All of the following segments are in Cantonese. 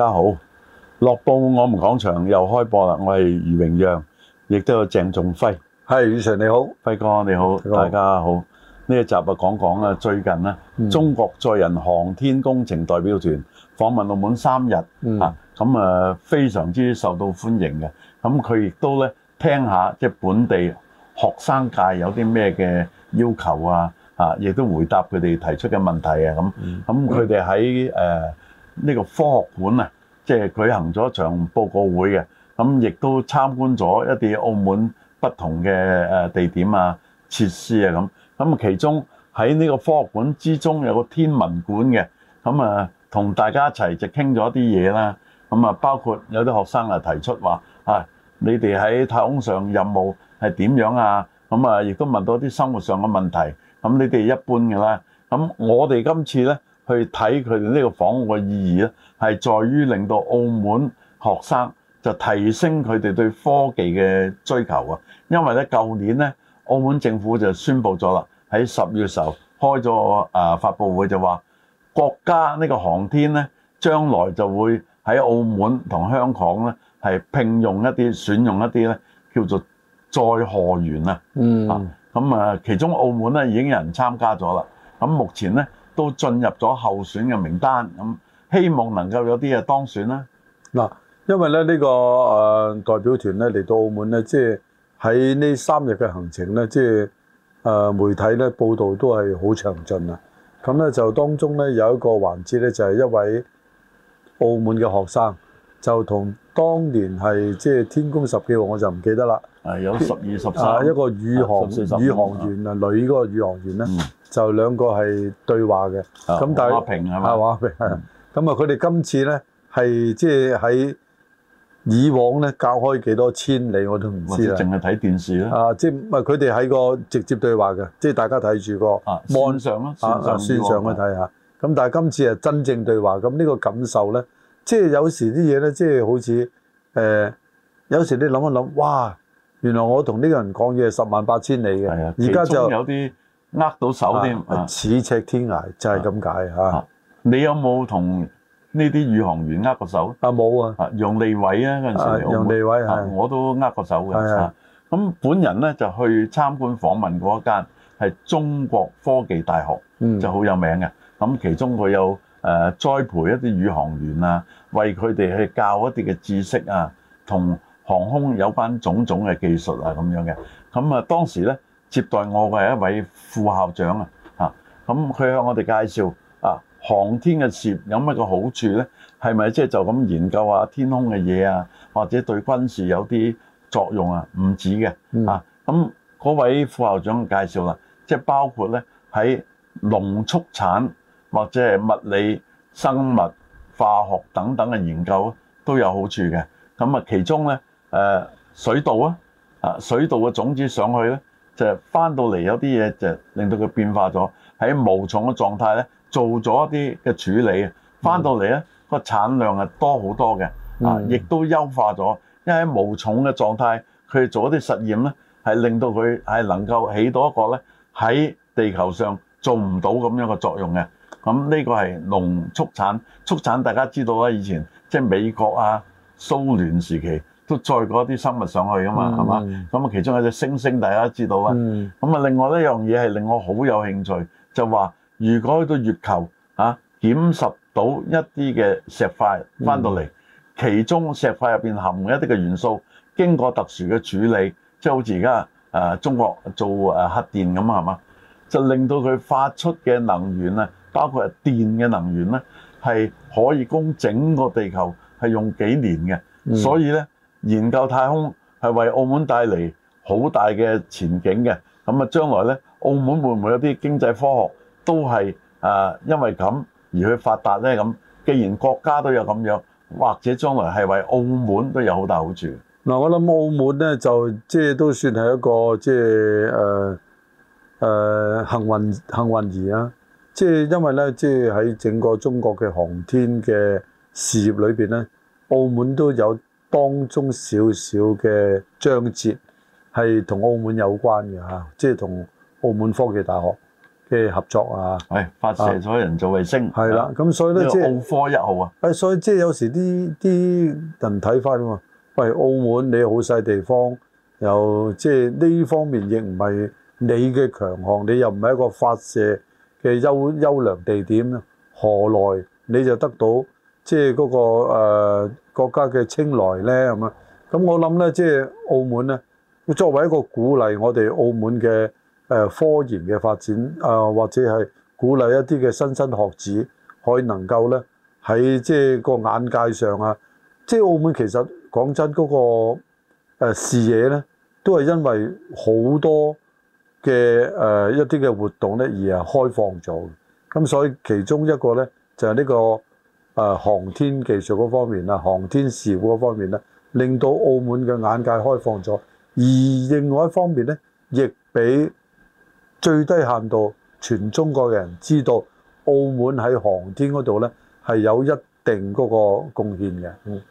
大家好，《樂報我們講場》又開播啦！我係余榮讓，亦都有鄭仲輝。係宇晨你好，輝哥你好，大家好。呢一集啊，講講啊，最近咧，嗯、中國載人航天工程代表團訪問澳門三日，嗯、啊，咁啊非常之受到歡迎嘅。咁佢亦都咧聽一下即係、就是，本地學生界有啲咩嘅要求啊，啊，亦都回答佢哋提出嘅問題啊，咁咁佢哋喺誒。啊呢個科學館啊，即係舉行咗一場報告會嘅，咁亦都參觀咗一啲澳門不同嘅誒地點啊、設施啊咁。咁其中喺呢個科學館之中有個天文館嘅，咁啊同大家一齊就傾咗啲嘢啦。咁啊包括有啲學生啊提出話：啊，你哋喺太空上任務係點樣啊？咁啊亦都問到啲生活上嘅問題。咁你哋一般㗎啦。咁我哋今次咧，去睇佢哋呢個訪澳嘅意義咧，係在於令到澳門學生就提升佢哋對科技嘅追求啊！因為咧，舊年咧，澳門政府就宣布咗啦，喺十月時候開咗啊發佈會，就話國家呢個航天咧，將來就會喺澳門同香港咧係聘用一啲選用一啲咧叫做載荷員啊，嗯咁啊，其中澳門咧已經有人參加咗啦，咁目前咧。都進入咗候選嘅名單，咁希望能夠有啲嘢當選啦。嗱，因為咧呢個誒代表團咧嚟到澳門咧，即係喺呢三日嘅行程咧，即係誒媒體咧報道都係好詳盡啊。咁咧就當中咧有一個環節咧，就係一位澳門嘅學生就同當年係即係天宮十幾號，我就唔記得啦。誒有十二十三，一個宇航宇航員啊，女嗰個宇航員咧。嗯就兩個係對話嘅，咁但係，係畫屏啊嘛，咁啊，佢哋今次咧係即係喺以往咧隔開幾多千里我都唔知啦，淨係睇電視啦，啊，即係佢哋喺個直接對話嘅，即係大家睇住個，啊，線上咯，線上啊，啊線上去睇下，咁、啊、是但係今次係真正對話，咁呢個感受咧，即係有時啲嘢咧，即係好似誒、呃，有時你諗一諗，哇，原來我同呢個人講嘢係十萬八千里嘅，而家的就有啲。握到手添、啊，咫尺天涯、啊、就係咁解你有冇同呢啲宇航員握過手？啊冇啊，楊、啊啊、利偉啊，嗰陣時，楊、啊、利偉，啊、我都握過手嘅。咁的、啊、本人咧就去參觀訪問嗰間係中國科技大學，嗯、就好有名嘅。咁、啊、其中佢有、啊、栽培一啲宇航員啊，為佢哋去教一啲嘅知識啊，同航空有關種種嘅技術啊咁樣嘅。咁啊當時咧。接待我嘅係一位副校長啊！嚇，咁佢向我哋介紹啊，航天嘅事業有乜嘅好處咧？係咪即係就咁研究下天空嘅嘢啊？或者對軍事有啲作用啊？唔止嘅啊！咁嗰位副校長介紹啦，即係包括咧喺農畜產或者係物理、生物、化學等等嘅研究都有好處嘅。咁啊，其中咧誒、啊，水稻啊，啊水稻嘅種子上去咧。就翻到嚟有啲嘢就令到佢變化咗，喺無重嘅狀態咧做咗一啲嘅處理，翻到嚟咧個產量係多好多嘅，啊、嗯，亦都優化咗。因為喺無重嘅狀態，佢做一啲實驗咧，係令到佢係能夠起到一個咧喺地球上做唔到咁樣嘅作用嘅。咁呢個係農畜產，畜產大家知道啦，以前即係、就是、美國啊、蘇聯時期，都載過一啲生物上去㗎嘛，係嘛、嗯？咁啊，其中有隻猩猩大家知道啦。咁啊、嗯，另外一樣嘢係令我好有興趣，就話如果去到月球啊，檢拾到一啲嘅石塊翻到嚟，嗯、其中石塊入邊含一啲嘅元素，經過特殊嘅處理，即係好似而家誒中國做誒核、呃、電咁啊，係嘛？就令到佢發出嘅能源啊，包括電嘅能源咧，係可以供整個地球係用幾年嘅，嗯、所以咧。研究太空係為澳門帶嚟好大嘅前景嘅。咁啊，將來呢，澳門會唔會有啲經濟科學都係啊？因為咁而去發達呢。咁既然國家都有咁樣，或者將來係為澳門都有好大好處的。嗱，我諗澳門呢，就即係都算係一個即係、呃呃、幸運幸運兒啦、啊。即係因為呢，即係喺整個中國嘅航天嘅事業裏邊咧，澳門都有。當中少少嘅章節係同澳門有關嘅嚇，即係同澳門科技大學嘅合作啊，係發射咗人造衛星，係啦，咁所以咧即係澳科一號啊，誒，所以即係有時啲啲人睇返啊嘛，喂，澳門你好細地方，又即係呢方面亦唔係你嘅強項，你又唔係一個發射嘅優優良地點，何來你就得到？即係嗰個誒、呃、國家嘅青睞咧，咁啊，咁我諗咧，即係澳門咧，作為一個鼓勵我哋澳門嘅誒、呃、科研嘅發展啊、呃，或者係鼓勵一啲嘅新生學子可以能夠咧喺即係個眼界上啊，即係澳門其實講真嗰、那個誒視野咧，都係因為好多嘅誒、呃、一啲嘅活動咧而係開放咗嘅。咁所以其中一個咧就係、是、呢、這個。誒、啊、航天技術嗰方面啦，航天事故嗰方面啦，令到澳門嘅眼界開放咗。而另外一方面咧，亦俾最低限度全中國嘅人知道，澳門喺航天嗰度咧係有一定嗰個貢獻嘅。嗯，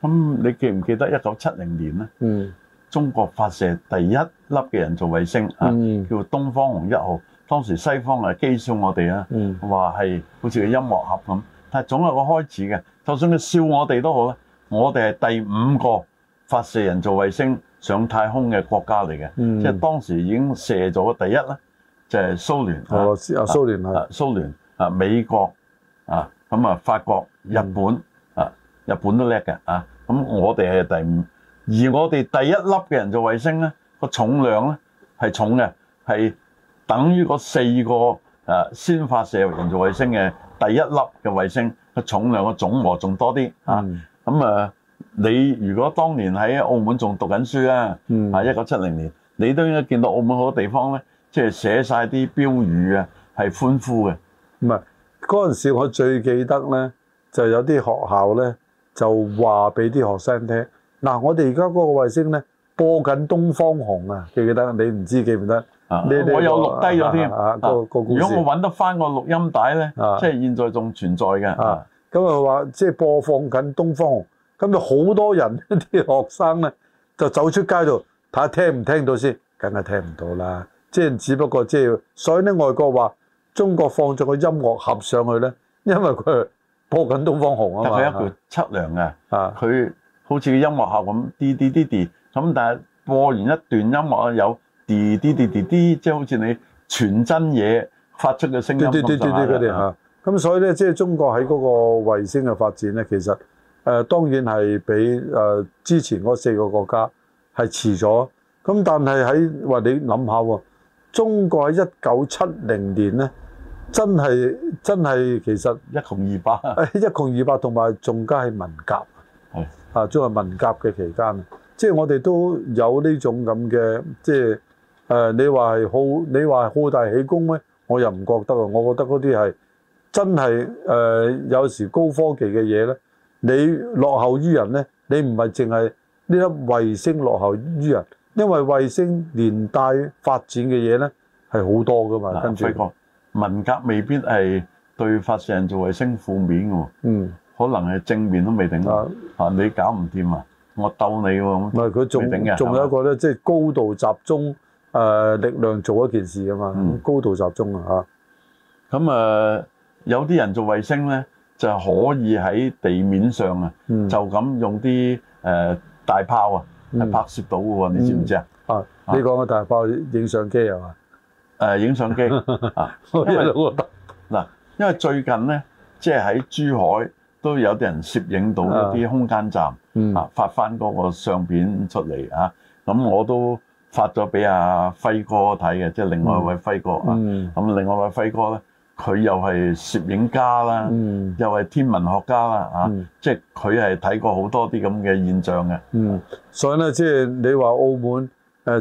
咁你記唔記得一九七零年咧？嗯，中國發射第一粒嘅人造衛星、嗯、啊，叫做東方紅一號。當時西方啊，譏笑我哋啦，話係好似個音樂盒咁。但係總有個開始嘅，就算你笑我哋都好啦，我哋係第五個發射人造衛星上太空嘅國家嚟嘅，嗯、即係當時已經射咗第一啦，就係、係、蘇聯、俄羅斯啊，啊蘇聯啊，蘇聯啊，美國啊，咁啊法國、嗯、日本啊，日本都叻嘅啊，咁我哋係第五，而我哋第一粒嘅人造衛星咧，個重量咧係重嘅，係等於嗰四個啊先發射人造衛星嘅，嗯第一粒嘅衛星嘅重量嘅總和仲多啲啊！咁、嗯、啊，你如果當年喺澳門仲讀緊書呀、啊，嗯、啊一九七零年，你都應該見到澳門好多地方咧，即係寫晒啲標語啊，係歡呼嘅。唔係嗰陣時，我最記得咧，就有啲學校咧就話俾啲學生聽，嗱、啊，我哋而家嗰個衛星咧播緊《東方紅》啊，記唔記得？你唔知記唔得？啊！我有錄低咗添啊！個個如果我揾得翻個錄音帶咧，啊、即係現在仲存在嘅。咁啊話，即、啊、係、就係、播放緊《東方紅》嗯，咁就好多人啲學生咧就走出街度睇下聽唔聽到先，梗係聽唔到啦。即係只不過即、就、係、是，所以咧外國話中國放咗個音樂盒上去咧，因為佢播緊《東方紅》啊嘛。係一個測量嘅啊，佢、啊、好似個音樂盒咁，滴滴滴滴咁，但係播完一段音樂啊有。啲啲啲啲啲，即係好似你傳真嘢發出嘅聲音咁上下。咁所以咧，即係中國喺嗰個衛星嘅發展咧，其實誒當然係比誒之前嗰四個國家係遲咗。咁但係喺話你諗下喎，中國喺一九七零年咧，真係真係其實一窮二白，啊。 一窮二白，同埋仲加係文革。係的啊，作為文革嘅期間，即係我哋都有呢種咁嘅即係。就是誒，你話係好，你話係好大喜功咩，我又唔覺得啊！我覺得嗰啲係真係誒，有時高科技嘅嘢咧，你落後於人咧，你唔係淨係呢粒衛星落後於人，因為衛星年代發展嘅嘢咧係好多噶嘛。跟住，不過文革未必係對發射人造衛星負面嘅喎。嗯，可能係正面都未定啦。啊，你搞唔掂啊？我鬥你喎！唔係佢仲仲有一個咧，即係高度集中。誒、呃，力量做一件事噶嘛，嗯、高度集中啊吓。咁啊、嗯呃，有啲人做衛星咧，就可以喺地面上啊，嗯、就咁用啲誒、呃、大炮啊，係、嗯、拍攝到嘅喎，你知唔知啊、嗯？啊，你講嘅大炮影、啊、相機係嘛？誒、呃，影相機 啊，因為得嗱， 因為最近咧，即係喺珠海都有啲人攝影到一啲空間站，嗯、啊，發翻嗰個相片出嚟啊，咁我都。發咗俾阿輝哥睇嘅，即係另外一位輝哥、嗯、啊。咁另外一位輝哥咧，佢又係攝影家啦，嗯、又係天文學家啦，啊，嗯、即係佢係睇過好多啲咁嘅現象嘅。嗯，所以咧，即係你話澳門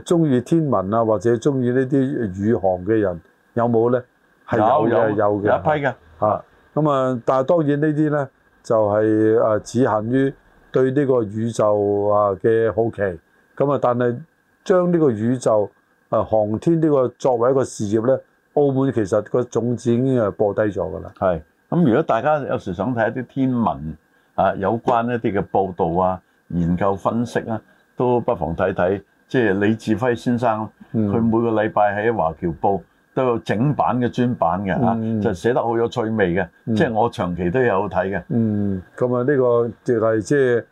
誒中意天文啊，或者中意呢啲宇航嘅人有冇咧？係有，有係有嘅一批嘅嚇。咁啊，但係當然呢啲呢啲咧就係、係、誒、啊、只限於對呢個宇宙啊嘅好奇。咁啊，但係。將呢個宇宙啊，航天呢個作為一個事業呢，澳門其實個種子已經係播低咗噶啦。係咁，如果大家有時想睇一啲天文啊，有關一啲嘅報道啊、研究分析啊，都不妨睇睇，即係李志輝先生佢、嗯、每個禮拜喺華僑報都有整版嘅專版嘅嚇，嗯、就寫得好有趣味嘅。嗯、即係我長期都有睇嘅。嗯，咁啊，呢個就係、是、即係。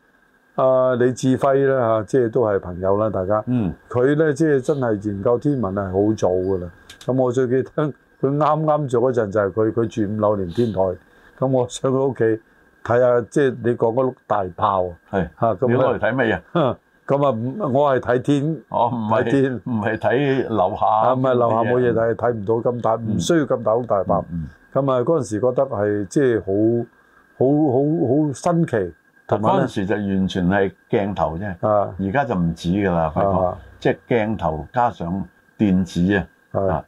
啊，李志輝咧嚇，即係都係朋友啦，大家。嗯。佢咧即係真係研究天文係好早噶啦。咁我最記得佢啱啱做嗰陣就係佢佢住五樓連天台。咁我上佢屋企睇下，即係你講嗰碌大炮。係。嚇咁。你攞嚟睇咩啊？咁啊，我係睇天。哦，唔係天，唔係睇樓下。唔係樓下冇嘢睇，睇唔到咁大，唔需要咁大碌大炮。嗯。咁啊，嗰陣時覺得係即係好好好好新奇。嗰陣時就完全係鏡頭啫，而家的就唔止噶啦，即係鏡頭加上電子的的啊，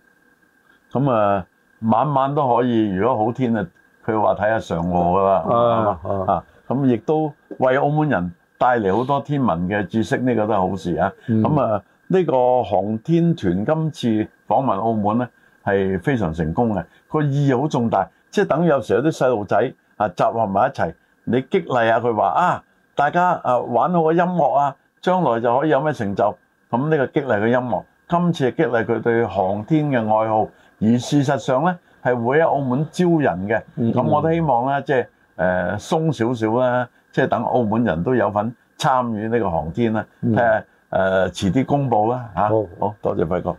咁啊晚晚都可以。如果好天的他說看上啊，佢話睇下嫦娥噶啦，咁亦都為澳門人帶嚟好多天文嘅知識，呢、這個都係好事啊。咁、嗯、啊，呢、這個航天團今次訪問澳門呢係非常成功嘅，個意義好重大，即係等於有時候啲細路仔啊集合埋一齊。你激勵下佢話啊，大家啊玩好個音樂啊，將來就可以有咩成就。咁呢個激勵佢音樂，今次係激勵佢對航天嘅愛好。而事實上呢，係會喺澳門招人嘅。咁、嗯、我都希望呢，即係誒鬆少少啦，即係等澳門人都有份參與呢個航天啦。睇下遲啲公佈啦嚇。好、啊、好，多謝輝哥。